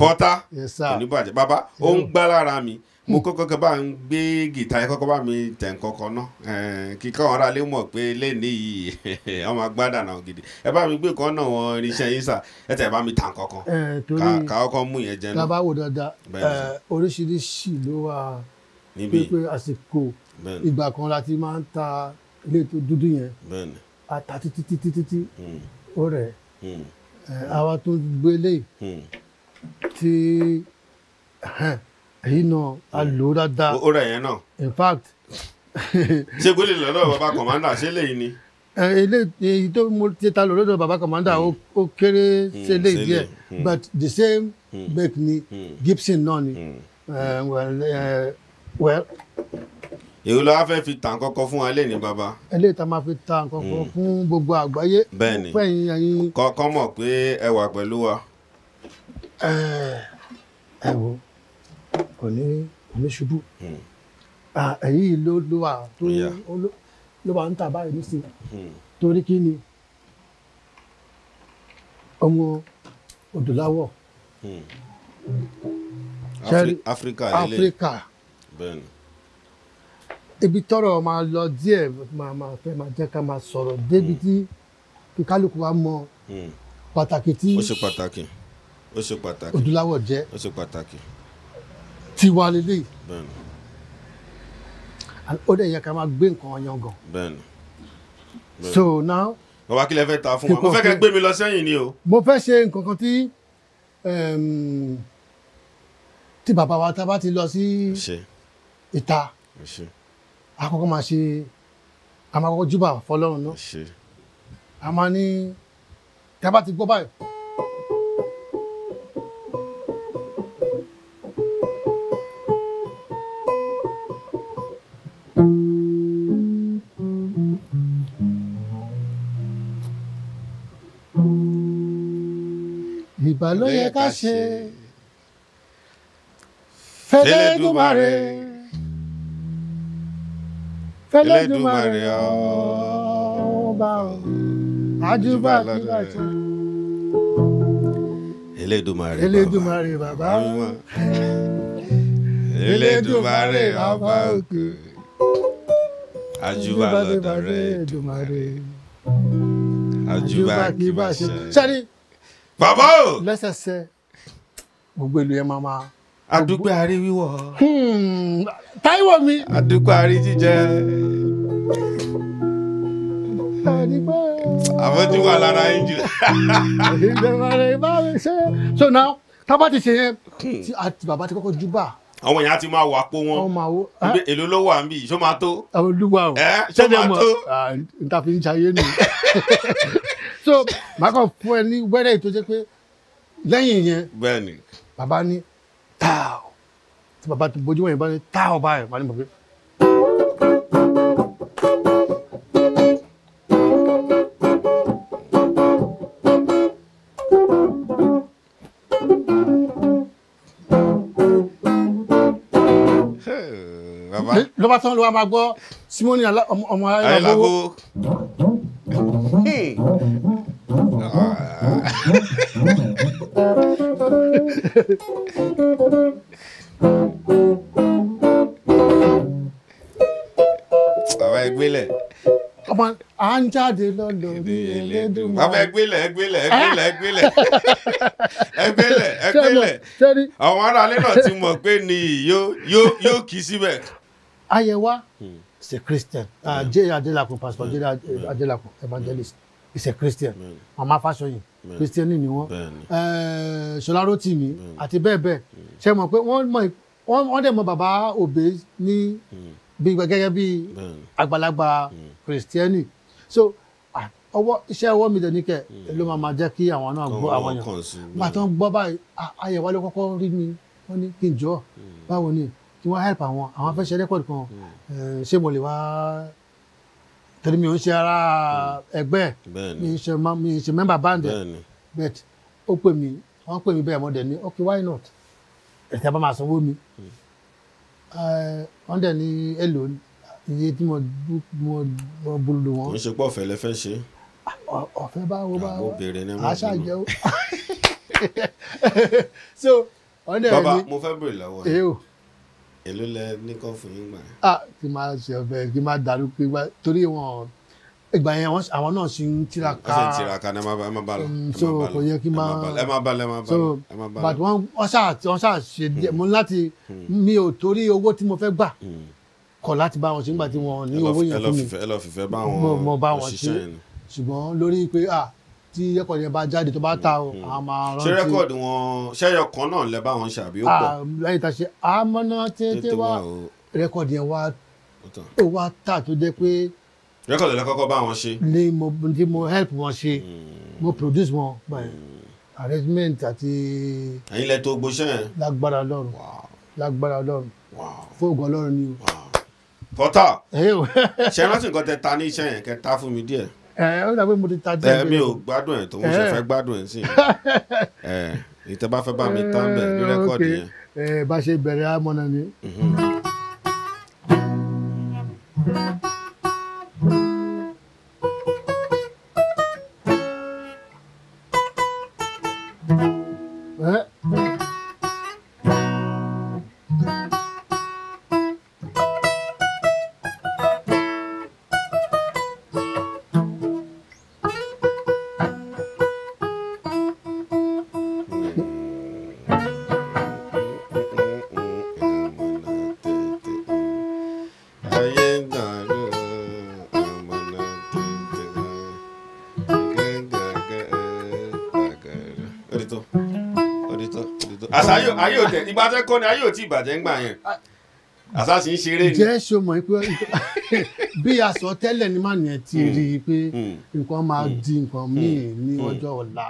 pọ́tà oníbàjẹ́ bàbá ó ń gbá lára mi mo kọ́kọ́ kẹ́ bá ń gbé gìtá yẹn kọ́kọ́ bá mi tẹ̀ ń kọ́kọ́ ná kíkọ́ ọ̀rá lé mọ̀ pé lẹ́ni yìí ọmọ agbádà náà gidi ẹ bá mi gbé kan náà wọn irinṣẹ́ yín sà ẹ tẹ̀ bá mi tà kọ́kọ́ ká kọ́kọ́ mú yẹn jẹ náà. tá a bá wò dáadáa oríṣiríṣi ló wà pépé àsìkò ìgbà kan la ti máa ń ta ilé tó dúdú yẹn ata títí títí títí hmm. ó rẹ̀ hmm. àwa tó gbélé hmm. tí èyí náà a hmm. lò ó dáadáa. ó rẹ̀ yẹn náà. in fact. ṣé gólì lọ́dọ̀ bàbá kọ̀mándà ṣé lèyí ni. Eh, èyí tó mo ti ta lò lọ́dọ̀ bàbá kọ̀mándà hmm. ó kéré ṣe hmm, lè díẹ̀ but the same make ni Gibson náà ni. èyí ló wá fẹ́ fi ta kọ́kọ́ fún wa lé Baba. bàbá. eléyìí tá a máa fi ta kọ́kọ́ fún gbogbo àgbáyé. bẹ́ẹ̀ni kọ́kọ́ mọ̀ pé ẹ wà pẹ̀lú wa. Eh, ẹ wo kò ní kò ní ṣubú hmm. èyí ló ló wà tó ló wà ń tà báyìí ní sí hmm. torí kí ni ọmọ odòláwọ̀ hmm. áfíríkà áfíríkà ibi tọ́rọ̀ máa lọ díẹ̀ máa máa fẹ́ máa jẹ́ ká máa sọ̀rọ̀ débi tí kíkálukú wa mọ pàtàkì tí ó ṣe pàtàkì ó ṣe pàtàkì odòláwọ̀ jẹ́ ó ṣe pàtàkì tiwa lélẹ̀ ó dẹ̀ yẹ ká máa gbé nǹkan yangan so now. bàbá kí lẹ fẹ́ ta fún wa mo fẹ́ kẹ́ gbé mi lọ sẹ́yìn ni o. mo fẹ́ ṣe nǹkan kan tí tí bàbá wa tá a bá ti lọ sí ìta àkọ́kọ́ máa ṣe a máa kọ́kọ́ júbà fọ́lọ́run náà a máa ní tá a ti gbọ́ báyìí. ló yẹ ká ṣe fẹlẹ́dùmarè fẹlẹ́dùmarè ọba àjùbà àjùbà tó. Elédùmarè bàbá Elédùmarè bàbá Elédùmarè bàbá òkè àjùbà lọ́dọ̀ rẹ Èdùmarè àjùbà kì í bá ṣe bàbá o. lẹ́sẹsẹ gbogbo ìlú yẹn máa máa. adúgbò àrí wíwọ. Hmm, táíwò mi. adúgbò àrí jíjẹ. àwọn tí wà lára yín jù. so now tábà ti ṣe yẹn àti hmm. bàbá ti kọ́kọ́ júbà àwọn èèyàn ti máa wà pó wọn èlò ló wà níbí ṣó máa tó. olúwa o ṣó máa tó. n ta fi ń ṣayé nù. so màá kàn fún ẹ ní wẹ́rẹ́ tó jẹ́ pé lẹ́yìn yẹn bẹ́ẹ̀ni bàbá ní táò tí bàbá ti bójú wọ̀nyí bá ní táò báyìí màá ní bàbá ló bá tán ló wá máa gbọ́ Simoni ọmọ ayélujára Hey. Bàbá ẹgbẹ́lẹ̀. Ọmọ à ń jáde lọ́dọ̀ ní ẹlẹ́dùn. Bàbá ẹgbẹ́lẹ̀ ẹgbẹ́lẹ̀ ẹgbẹ́lẹ̀ ẹgbẹ́lẹ̀ ẹgbẹ́lẹ̀ ẹgbẹ́lẹ̀. Àwọn aráalé náà ti mọ̀ pé ni yóò kì í síbẹ̀. Ayẹ̀wá. Hmm is a Christian. Uh, J. Adelakun, Pastor J. Adelakun, evangelist, is a Christian. Mama Fashoyin, Christian ni wọn. Eh, Ṣọlá Rótìmí àti bẹ́ẹ̀ bẹ́ẹ̀. Ṣé mọ̀ pé wọ́n mọ̀ wọ́n baba mọ̀ bàbá Òbé ní gẹ́gẹ́ bí àgbàlagbà Christian. So ọwọ́ iṣẹ́ ọwọ́ mi dẹ̀ ní kẹ̀ ló máa máa jẹ́ kí àwọn náà gbọ́ àwọn èèyàn. Bàtà ń gbọ́ báyìí, àyẹ̀wò alẹ́ kọ́kọ́ rí mi, wọ́n ní kí n jọ́ báwo ni. Mm kí wọ́n help àwọn àwọn hmm. afẹ́ ṣe rẹ́kọ̀dì kan hmm. eh, ṣé mo lè wá torí mi ò ń ṣe ara hmm. ẹgbẹ́ mi ń ṣe mi ń ṣe member band bet ó pè mí wọ́n pè mí bẹ́ẹ̀ mo dẹ̀ ní okay why not ẹ̀sẹ̀ bá máa sanwó mi eh, wọ́n dẹ̀ ní èlò iye tí mo mo mo bulu wọn. kò ń ṣe pọ̀ ọ̀fẹ́ fẹ́ ṣe. Ah, ọ̀fẹ́ báwo báwo ah, àṣà jẹ́ o. so wọ́n dẹ̀ ní. bàbá mo fẹ́ bèrè lọ́wọ́ yìí èló lẹ ní kọ́ fún yín gbà. a ah, kì máa ṣe ọ̀fẹ́ kì máa dàrú pé torí wọn ìgbà yẹn àwọn náà ṣì ń tiraka. wọ́n ṣe ń tiraka ẹ má ba ẹ má ba lọ. Mm, so kò yẹ kí n máa ẹ má ba lọ ẹ má ba lọ ẹ má ba lọ. but wọ́n wọ́n ṣáà wọ́n ṣáà ṣe díẹ̀ mm. mo láti mm. mi ò torí owó tí mo fẹ́ gbà kọ̀ láti bá wọn ṣe nígbà tí wọ́n ní owó yẹn fún mi. ẹ lọ fìfẹ́ bá wọn òṣìṣẹ́ yẹn. ṣùgbọ́n lórí pé ah tí rẹ́kọ̀dì yẹn bá jáde tó bá ta o mhm. a máa rántí. ṣé rẹ́kọ̀dì wọn ṣẹ́yọ kan náà lẹ bá wọn ṣe àbí ó pọ̀. Ah, lẹ́yìn tá a ṣe amọ́nà tètè wá rẹ́kọ̀dì yẹn wá ó wá tà tó jẹ́ pé. rẹ́kọ̀dì lẹ kọ́kọ́ bá wọn ṣe. ni mo ni mo help wọn ṣe hmm. mo produce wọn by hmm. arrangement àti. ẹ̀yin lẹ tó gbóṣẹ́ yẹn. lágbára Ọlọ́run lágbára Ọlọ́run fún Ọlọ́run ni o. pọ́tà ṣe rántí nǹkan tẹ ta ní iṣẹ́ yẹn kẹ ta fún mi díẹ̀ ẹ ó dàbí mo ti ta díẹ̀ bẹ́ẹ̀. mi ò gbádùn ẹ̀ tó mo ṣe fẹ́ gbádùn ẹ̀ sí ẹ ìtẹ́ bá fẹ́ bá mi tán bẹ̀ ní rẹ́kọ̀dì yẹn. ẹ bá ṣe bẹ̀rẹ̀ amọ̀nà ni. thank you tán ó di tán ó di tán àṣà ayé òtẹ ìgbà tẹ kọ́ ni ayé òtí ìbàjẹ́ ń gbà yẹn àṣà sì ń ṣeré ni. jẹ́ ṣo mọ̀ pé bí aṣọ tẹ́lẹ̀ ni màá yẹn ti rí i pé hmm. Hmm. nǹkan máa di nǹkan míì ní hmm. ọjọ́ ọ̀la.